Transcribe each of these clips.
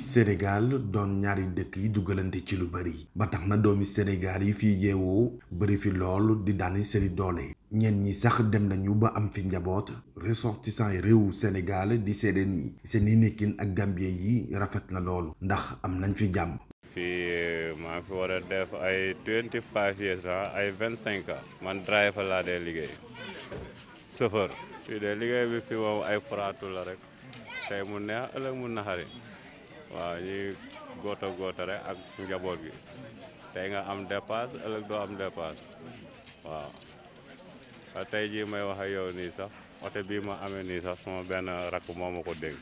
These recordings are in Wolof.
bi Sénégal doon ñaari dëkk yi dugalante ci lu bari ba tax na doomi Sénégal yi fiy yeewoo bari fi lool di daani seeni doole ñenn ñi sax dem nañu ba am fi njaboot ressortissant yi réewu Sénégal di seede nii seeni nekkin ak Gambien yi rafet na loolu ndax am nañ fi jàmm. fii eh, maa fi war def ay 25 years ah, ay 25 ans man driver laa dee liggéey chauffeur fii de liggéey bi fii moom ay faraatu la rek tey mu neex ëllëg mu naxari waaw ñuy gooto gooto rek ak njaboot gi tey nga am dépasse ëllëg doo am dépasse waaw tey jii may wax yow nii sax oto bii ma amee nii sax suma benn rakk moo ma ko dégg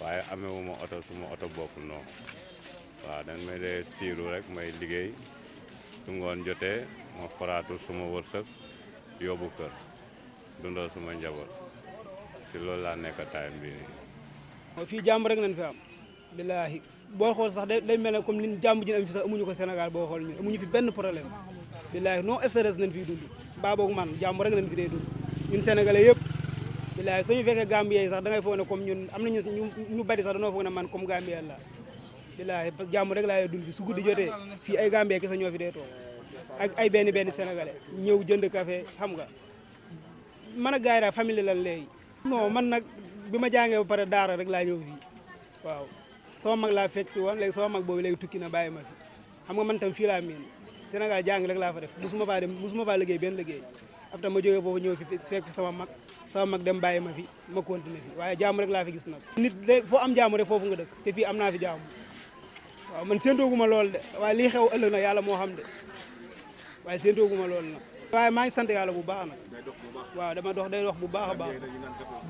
waaye amewu ma oto suma oto bopp noonu waaw dañ may dee siiru rek may liggéey su ngoon jotee ma xoraatu suma wërsëg yobu kër dundal suma njaboot ci loolu laa nekk time bii nii fii jàmm rek nañ fi am billaahi boo xool sax day day mel ne comme ni jàmm ji nañ fi sax amuñu ko Sénégal boo xool ñun amuñu fi benn problème billaahi non stress nañ fiy dund baa boog man jàmm rek nañ fi dee dund ñun sénégalais yëpp billaahi suñu fekkee Gambie yi sax da ngay foog ne comme ñun am nañu ñu bari sax danoo foog ne man comme Gambie la billaahi parce que jàmm rek laa dee dund fi su guddi jotee fii ay Gambie kese ñoo fi dee toog ak ay benn benn sénégalais ñëw jënd kafe xam nga man a gaay daa famille lan léegi man nag bi ma jàngee ba pare daara rek laa ñëw fii waaw sama mag laa fekk si woon léegi sama mag boobu léegi tukki na bàyyi ma fi xam nga man tam fii laa miin Sénégal jàng rek laa fa def musuma faa dem musuma faa liggéey benn liggéey afta ma jógee foofu ñëw fi fekk fi sama mag sama mag dem bàyyi ma fi ma continuer waaye jaamu rek laa fi gis nag nit de am jaamu foofu nga dëkk te fii am naa fi jaamu waaw man séentooguma lool de waaye lii xew ëllëg na yàlla moo xam de waaye séentooguma lool nag waaye maa ngi sant yàlla bu baax nag waaw dama dox day dox bu baax baax sax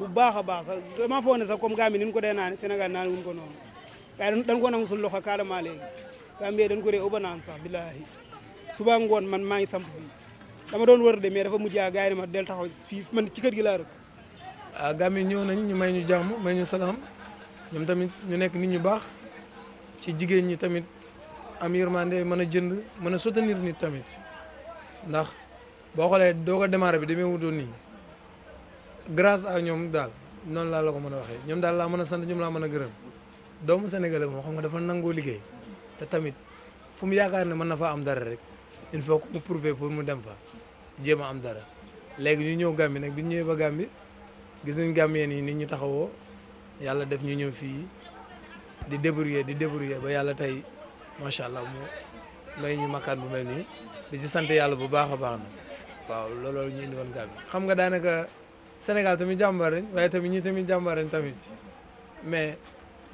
bu baax a baax sax dama foog ne sax comme gaa mi ni ko dee naane Sénégal naane wuñ ko noonu waaye dañ ko nangu suñu loxo carrément léegi Gambie ko dee uba naan sax billaahi suba ngoon man maa ngi samp fii dama doon wër de dafa mujj a ma del taxaw fii man ci kër gi laa rëkk ah nañ ñu may ñu jàmm may ñu salaam ñoom tamit ñu nekk nit ñu baax ci jigéen ñi tamit am yërmande mën a jënd mën a soutenir nit tamit ndax boo xoolee doo ko démarré bi demee wutoon nii grâce à ñoom daal noonu laa la ko mën a waxee ñoom daal laa mën a sant ñoom laa mën a gërëm doomu Sénégalais moom xam nga dafa nangoo liggéey te tamit fu mu yaakaar ne mën na fa am dara rek il faut que mu prouver pour mu dem fa jéem a am dara léegi ñu ñëw Gàmbi nag bi ñu ñëwee ba Gàmbi gis nañ Gàmbien nii nit ñu taxawoo yàlla def ñu ñëw fii di débrouiller di débrouiller ba yàlla tey macha allah mu may ñu makkaan bu mel nii di ci sant yàlla bu baax a baax na waaw looloo ñu indi woon xam nga daanaka Sénégal tamit jàmbaar lañ waaye tamit ñii tamit jàmbaar lañ tamit mais.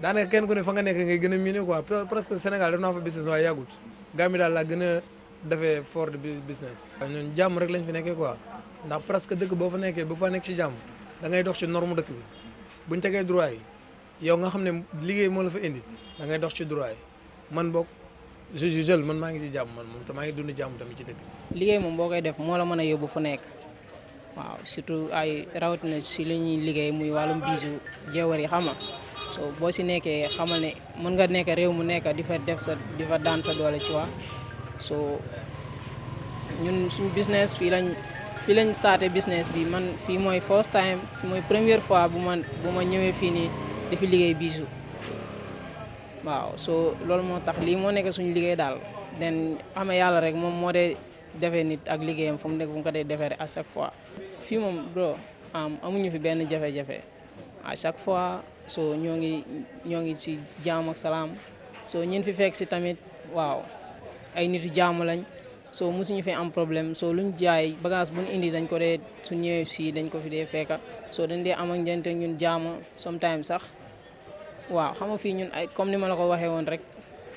daanaka kenn ku ne fa nga nekk ngay gën a miné quoi presque Sénégal def naa fa business waaye yàggut Gambie daal laa gën a defee fort de business. ñun jàmm rek lañ fi nekkee quoi ndax presque dëkk boo fa nekkee bu fa nekk ci jàmm dangay dox ci norme dëkk bi buñ tegee droit yi yow nga xam ne liggéey moom la fa indi da ngay dox ci droit yi man boog je je man maa ngi ci jàmm man moom te maa ngi dund jàmm tamit ci dëkk bi. liggéey moom boo koy def moo la man a yóbbu fu nekk. waaw surtout ay rawatina si li ñuy liggéey muy wàllum bisu jeewar yi xam nga so boo si nekkee xamal ne mën nga nekk réew mu nekk di fa def sa di fa daan sa doole ci so ñun suñu business fii lañ fii lañ starté business bi man fii mooy first time fii mooy première fois bu ma bu ma ñëwee fii nii di fi liggéey bisu waaw so loolu moo tax lii moo nekk suñu liggéey daal den xame yàlla rek moom moo dee defee nit ak liggéeyam fu mu nekk fu mu ko dee defee à chaque fois fii moom am amuñu fi benn jafe-jafe à chaque fois so ñoo ngi ñoo ngi si jaam salaam so ñun fi fekk si tamit waaw ay nitu jaamu lañ so musuñu fee am problème so luñ jaay bagage buñ indi dañ ko dee su ñëwee fii dañ ko fi dee fekka so dañ dee am ñun jaamu sometimes sax waaw xam nga fii ñun ay comme ni ma la ko waxee woon rek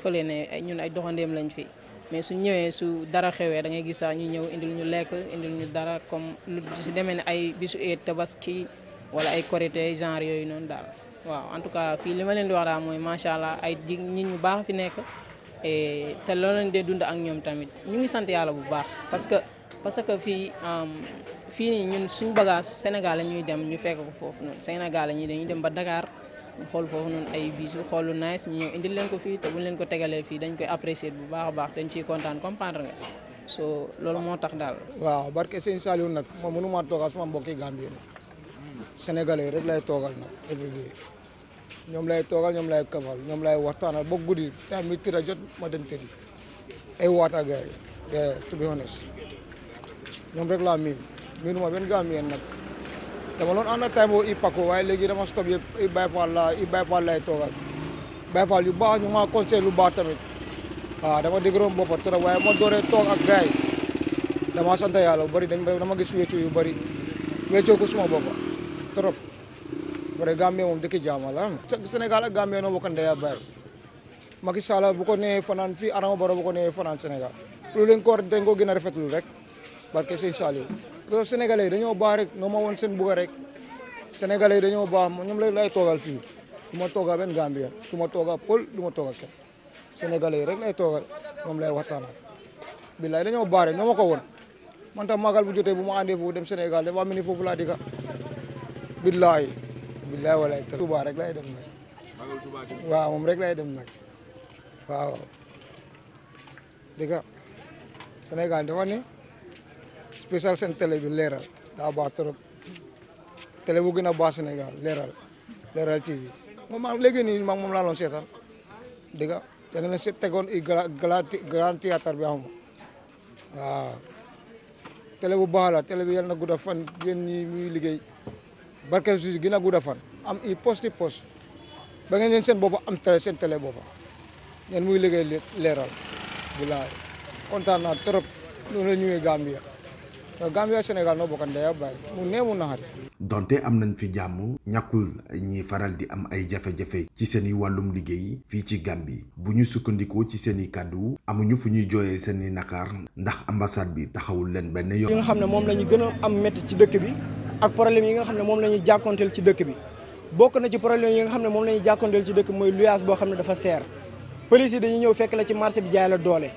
fële ne ñun ay doxandeem lañ fi mais su ñëwee su dara xewee da gis sax ñu ñëw indil ñu lekk indil ñu dara comme lu su demee ne ay bisu eet tabaski wala ay korité genre yooyu noonu daal waaw en tout cas fii li ma leen di wax daal mooy macha allah ay ji nit ñu baax fi nekk eh, te loolu leen dee dund ak ñoom tamit ñu ngi sant yàlla bu baax parce que parce que fii fii nii ñun suñu bagage Sénégal la ñuy dem ñu fekk ko foofu noonu Sénégal la ñuy dañuy dem ba Dakar xool foofu ay bisu xool lu nice ñu ñëw indil leen ko fii te buñ leen ko tegalee fii dañ koy apprécier bu baax a baax dañ ciy kontaan comprendre nga so loolu moo tax daal. waaw barke Sëñ Saliou nag moom mënu maa toogal sama mbokki Gambie Sénégalais rek lay toogal nag ñoom lay toogal ñoom lay kafal ñoom lay waxtaanal ba guddi time mi tëdd a jot ma dem tëddi ay waata gars yi to be honest ñoom rek laa miin miinuma benn Gambien nag dama loon ànd ak time boo i pako waaye léegi dama stop yëpp i Baye Fall la i Baye Fall lay toogal Baye Fall yu baax ñu ma conseil lu baax tamit waaw ah, dama déggoon boppa trop waaye ma dooree toog ak gars dama sant yàlla bu bëri dama gis wéccoo yu bari wéccoo ko suma boppa trop vrai Gambie moom dëkk jaama la Sénégal a Gambie noo bokk ndeya baay Macky Sall bu ko nee fanaan fii Adama Barrow bu ko nee fanaan Sénégal loolu dañ ko war dañ ko gën a rafetlu rek barke sëñ Saliou parce dañoo baax rek noo ma woon seen rek sénégalais dañoo baax ñoom la lay toogal fii du ma tooga benn Gambien du ma tooga Pël du ma tooga kenn sénégalais yi rek lay toogal moom lay waxtaanal billaay dañoo baax rek ñoo ma ko woon man tam bu jotee bu ma àndee foofu dem Sénégal dafa mel ni foofu laa dika billaay billaay walaay te Touba rek lay dem nag waaw moom rek lay dem nag waaw dégg nga Sénégal dafa ne spécial seen télé bi leeral daa baax trop télé bu gën a baax senegal leeral leeral TV moom maa léegi nii maa moom laa doon seetaan dégg nga da nga leen si tegoon i grand théâtre bi xamuma waaw télé bu baax la télé bi yàlla na gudd a fan yéen ñi muy liggéey barkeel suuf si gën a gudd fan am i poste poste ba ngeen seen bopp am télé seen télé bopp ñeen muy liggéey leeral bilaay kontaan naa trop loolu la ñëwee Gambia te Gambia Sénégal noo bokkan daya bàyyi mu nee mu naxari donte am nañ fi jàmm ñàkkul ñi faral di am ay jafe-jafe ci seen i wàllum liggéey fii ci Gambie bu ñu sukkandikoo ci seen i kàddu amuñu fu ñuy jooyee seen i nakaar ndax ambassade bi taxawul leen benn yoon. li nga xam ne moom la ñu gën a am métti ci dëkk bi ak problème yi nga xam ne moom la ñuy jàkkoonteel ci dëkk bi bokk na ci problème yi nga xam ne moom la ñuy jàkkoonteel ci dëkk bi mooy luyaas boo xam ne dafa seer police yi dañuy ñëw fekk la ci marché bi jaay la doole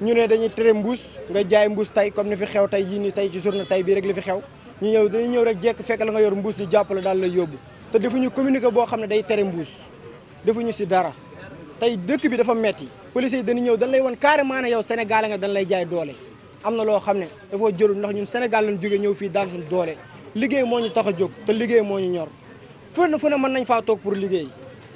ñu ne dañuy tere mbuus nga jaay mbuus tey comme ni fi xew tey jii ni tey ci journée tey bii rek li fi xew ñu ñëw dañuy ñëw rek fekk nga yor mbuus ñu jàpp daal lay yóbbu te defuñu communiqué boo xam ne day tere mbuus defuñu si dara tey dëkk bi dafa metti police yi dañuy ñëw dañ lay wan carrément ne yow sénégalais nga dañ lay jaay doole am na loo xam ne dafoo jërul ndax ñun sénégal lañ jógee ñëw fii daan suñ doole liggéey moo ñu tax a jóg te liggéey moo ñu ñor fu ne fu ne mën nañ faa toog pour liggéey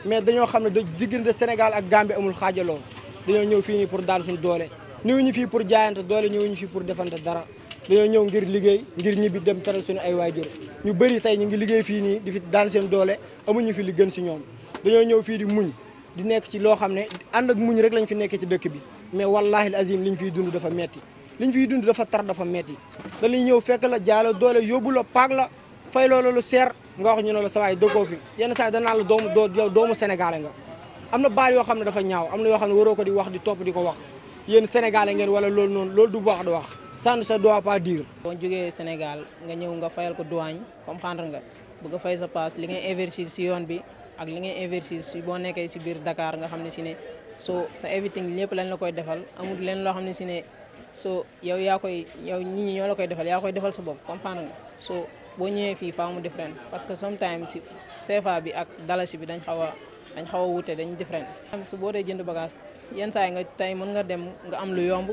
mais dañoo xam ne da diggante Sénégal ak Gambie amul xaajaloo dañoo ñëw fii nii pour daan suñu doole ñëwuñu fii pour jaayante doole ñëwuñu fii pour defante dara dañoo ñëw ngir liggéey ngir ñibbi dem teral suñu ay waajur ñu bëri tey ñu ngi liggéey fii nii di fi daan seen doole amuñu fi li gën si ñoom dañoo ñëw fii di muñ di nekk ci loo xam ne ànd ak muñ rek lañ fi nekkee ci dëkk bi mais wallahi azim liñ fiy dund dafa metti liñ fiy dund dafa tar dafa metti dañuy ñëw fekk la jaay doole yóbbu la paag la fay loolu lu seer nga wax ñu ne la sa waay dëkkoo fi yenn saa yi danaa la doomu doo yow doomu sénégalais nga am na baal yoo xam ne dafa ñaaw am na yoo xam ne waroo ko di wax di topp di ko wax yéen sénégalais ngeen wala lool noonu loolu du baax du wax sànni sa doit pas dire boo jógee Sénégal nga ñëw nga fayal ko douane comprendre nga bëgg a fay sa paas li nga investir si yoon bi ak li ngay investir si boo nekkee si biir Dakar nga xam ne si ne soo sa everything lépp lañ la koy defal amul leen loo xam ne si ne so yow yaa koy yow nit ñi ñoo la koy defal yaa koy defal sa bopp comprendre nga so boo ñëwee fii faa mu different parce que sometimes si CFA bi ak dalasi bi dañ xaw a dañ xaw a wuute dañ different su boo dee jënd bagage yenn saa yi nga tey mën nga dem nga am lu yomb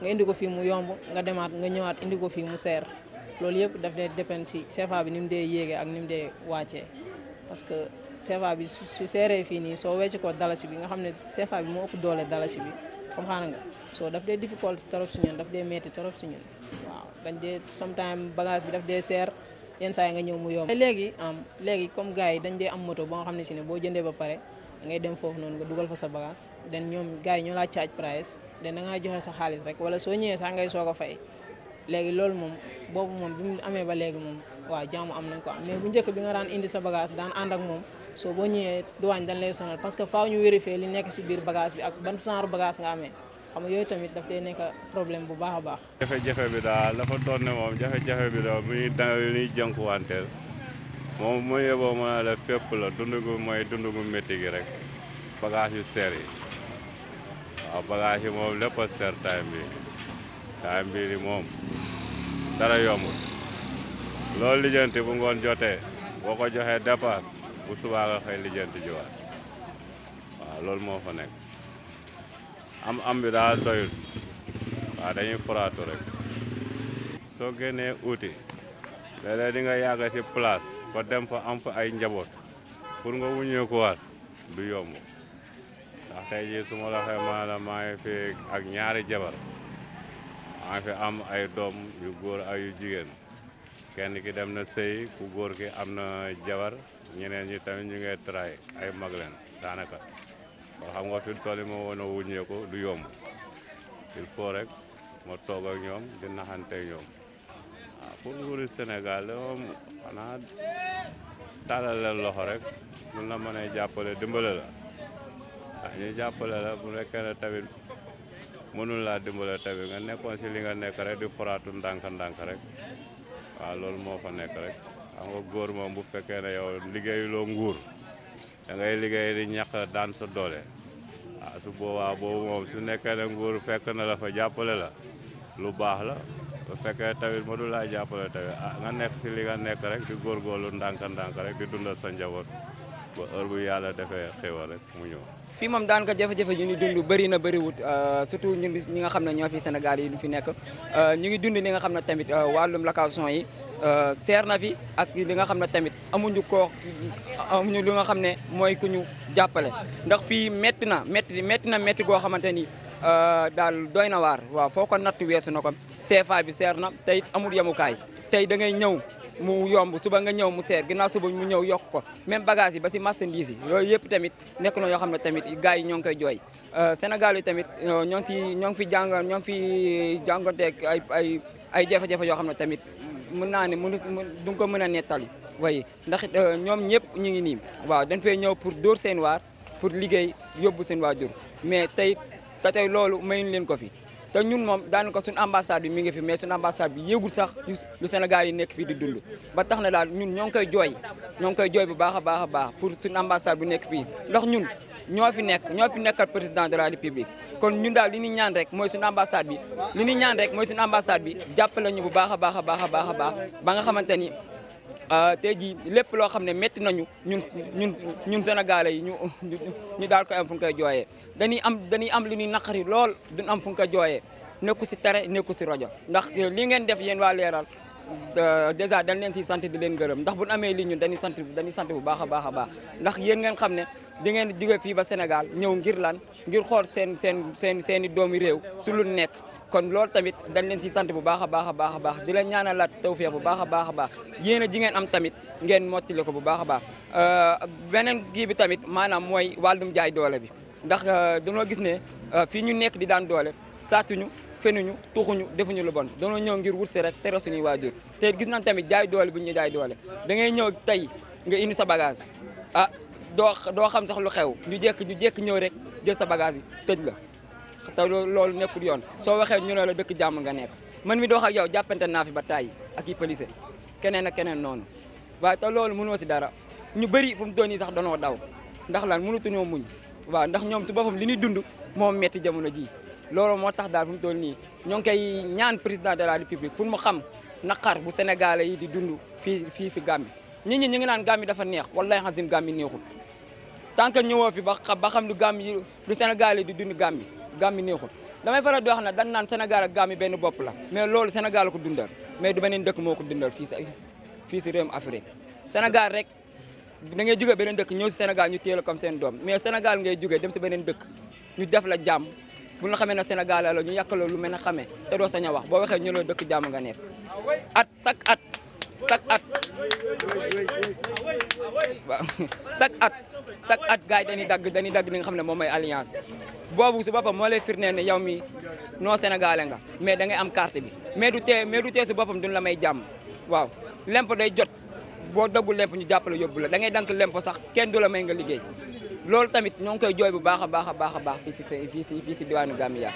nga indi ko fii mu yomb nga demaat nga ñëwaat indi ko fii seer loolu yëpp daf dee dépend si CFA bi ni mu dee yéegee ni mu dee wàccee parce que CFA bi su seeree fii nii soo wecc koo dalasi bi nga xam ne CFA bi moo ëpp doole dalasi bi comprendre nga soo daf dee difficult trop si ñun daf dee metti trop si ñun waaw dañ dee sometime bagage bi daf dee seer yenn saa yi nga ñëw mu yomb. léegi am léegi comme gars yi dañ dee am moto boo xam ne si ne boo jëndee ba pare ngay dem foofu noonu nga dugal fa sa bagage den ñoom gars yi ñoo laa charge price den da joxe sa xaalis rek wala soo ñëwee saa ngay soog a fay léegi loolu moom boobu moom bi mu amee ba léegi moom waa jaamu am nañ ko am mais bu njëkk bi nga daan indi sa bagage daan ànd ak moom. soo boo ñëwee douane dañ lay sonal parce que faaw ñu vérifier li nekk si biir bagage bi ak ban genre bagage nga amee xam yooyu tamit daf day nekk problème bu baax a baax. jafe-jafe bi daal dafa doon ne moom jafe-jafe bi daal muy danga li ñuy moom mu yeboo mën a def la dund gu mooy dund gu métti gi rek bagage yu seer yi waaw yi moom lépp a seer time bi time bi li moom dara yombul loolu lijjanti bu ngoon jotee boo ko joxee dépasse. bu subaa nga xëy jiwaat waaw loolu moo fa nekk am am bi daal doyul waaw dañuy foraatu rek soo génnee uuti léeg-léeg di nga yàgg ci place dem fa am fa ay njaboot pour nga wuññeekuwaat du yomb ndax tey jii su ma la waxee maanaam maa ngi fi ak ñaari jabar maa fi am ay doom yu góor ak yu jigéen kenn ki dem na sëy ku góor ki am na jabar ñeneen ñi tamit ñu ngi tray ay mag leen daanaka kon xam nga fi mu toll moo woon du yomb il faut rek ma toog ak ñoom di naxante ñoom waaw ah, pour nguuru Sénégal moom xanaa leen loxo rek mun la mën a jàppale dimbale la ndax ah, ñu jàppale la bu nekkee mënul laa dimbale tamit nga nekkoon si li nga nekk rek di foraatu ndànk-ndànk rek waaw loolu moo fa nekk rek xam nga góor moom bu fekkee ne yow liggéeyuloo nguur da ngay liggéey di ñàq daan sa doole ah su boobaa boobu moom su nekkee ne nguur fekk na la fa jàppale la lu baax la bu fekkee tamit ma du laa jàppale tamit ah nga nekk ci li nga nekk rek di góorgóorlu ndànk-ndànk rek di dundal sa njaboot ba heure bu yàlla defee xéwal rek mu ñëw. fii moom daan ko jafe-jafe ñu ngi dund bëri na bëriwut euh, surtout ñun ñi nga xam ne ñoo fi Sénégal yi du fi nekk euh, ñu ngi dund li nga xam ne tamit euh, wàllum location yi. Euh, seer na fi ak li nga xam ne tamit amuñu ko amuñu li nga xam ne mooy ku ñu jàppale ndax fii métti na métti métti na métti goo xamante ni euh, daal doy na waar waaw foo ko natt weesu na ko CFA bi seer na tey amul yemukaay tey da ngay ñëw mu yomb suba nga ñëw mu seer ginnaaw suba mu ñëw yokk ko même bagage yi ba si marchandise yi loolu yëpp tamit nekk na yoo xam ne tamit gars yi ñoo ngi koy jooy euh, Sénégal yi tamit ñoo ngi si ñoo ngi fi jàng ñoo ngi fi jànganteeg ay ay ay jafe yoo xam ne tamit mën naa ne mënu du nga ko mën a nettali waaye ndax euh, ñoom ñëpp ñu ngi nii waaw dañ fay ñëw pour dóor seen waar pour liggéey yóbbu seen waajur mais tey te tey loolu mayuñ leen ko fi te ñun moom daanaka suñu ambassade bi mi ngi fi mais suñu ambassade bi yéegul sax lu Sénégal yi nekk fii di dund ba tax na daal ñun ñoo ngi koy jooy ñoo ngi koy jooy bu baax a baax a baax pour suñ ambassade bu nekk fii ndax ñun ñoo fi nekk ñoo fi nekkal président de la république kon ñun daal li ñu ñaan rek mooy suñu ambassade bi li ñu ñaan rek mooy suñu ambassade bi jàppale ñu bu baax a baax a baax a baax baax ba nga xamante ni euh, tey jii lépp loo xam ne métti nañu ñun ñun ñun sénégalais yi ñu ñu daal koy fu ñu koy jooyee dañuy am dañuy am lu ñuy naqari lool duñ am fu ñu koy nekku si tere nekku si rajo ndax li ngeen def yéen waa leeral euh, dèjà dañ leen siy sant di leen gërëm ndax buñ amee lii ñun dañuy sant dañuy sant bu baax a baax a baax di ngeen di jóge fii ba Sénégal ñëw ngir lan ngir xool seen seen seen seen i doomi réew su lu nekk kon loolu tamit dañ leen si sant bu baax a baax a baax a baax di leen ñaanalaat tawfeex bu baax a baax a baax yéen a ji ngeen am tamit ngeen mottali ko bu baax a baax euh, beneen kii bi tamit maanaam mooy wàllum jaay doole bi ndax euh, dañoo gis ne euh, fii ñu nekk di daan doole saatuñu fenuñu tuxuñu defuñu lu bon dañoo ñëw ngir wut si rek tere waajur te gis nañ tamit jaay doole bu ñu jaay doole da ngay ñëw tey nga indi sa bagage a ah, doo doo xam sax lu xew ñu jekk ñu jekk ñëw rek jël sa bagage yi tëj la te loolu nekkul yoon soo waxee ñu ne la dëkk jàmm nga nekk man mi doo wax ak yow jàppante naa fi ba tàyyi ak i police keneen ak keneen noonu waaye te loolu mënoo si dara ñu bëri fu mu doon yi sax danoo daw ndax lan mënutuñoo muñ waaw ndax ñoom si boppam li ñuy dund moom metti jamono ji looloo moo tax daal fu mu toll nii ñoo ngi koy ñaan président de la république pour mu xam naqar bu sénégalais yi di dund fii fii si Gàmbi nit ñi ñu ngi naan Gàmbi dafa neex wallahi xasim Gàmbi neexul tant que ñëwoo fi ba xam ba xam lu gàmm yi lu Sénégal yi di dund gàmm yi gàmm yi neexul damay faral di wax ne dan naan senegal ak gàmm benn bopp la mais loolu Sénégal ko dundal mais du beneen dëkk moo ko dundal fii si fii si réewum Afrique Sénégal rek da ngay jóge beneen dëkk ñëw si Sénégal ñu téye la comme seen doom mais Sénégal ngay jógee dem si beneen dëkk ñu def la jàmm bu la xamee ne Sénégal ñu yàq la lu mel ne xamee te doo sañ a wax boo waxee ñu la dëkk jàmm nga nekk at chaque at chaque at waaw chaque at chaque at gars yi dañuy dagg dañuy dagg li nga xam ne moom mooy alliance boobu su boppam moo lay firndeel ne yow mi non sénégalais nga mais da ngay am carte bi mais du tee mais du tee su boppam duñ la may jàmm waaw lempo day jot boo daggul lempo ñu jàppale yóbbu la da ngay dank lempo sax kenn du la may nga liggéey loolu tamit ñoo ngi koy jooy bu baax a baax a baax a baax fii si fii si fii si diwaanu Gambia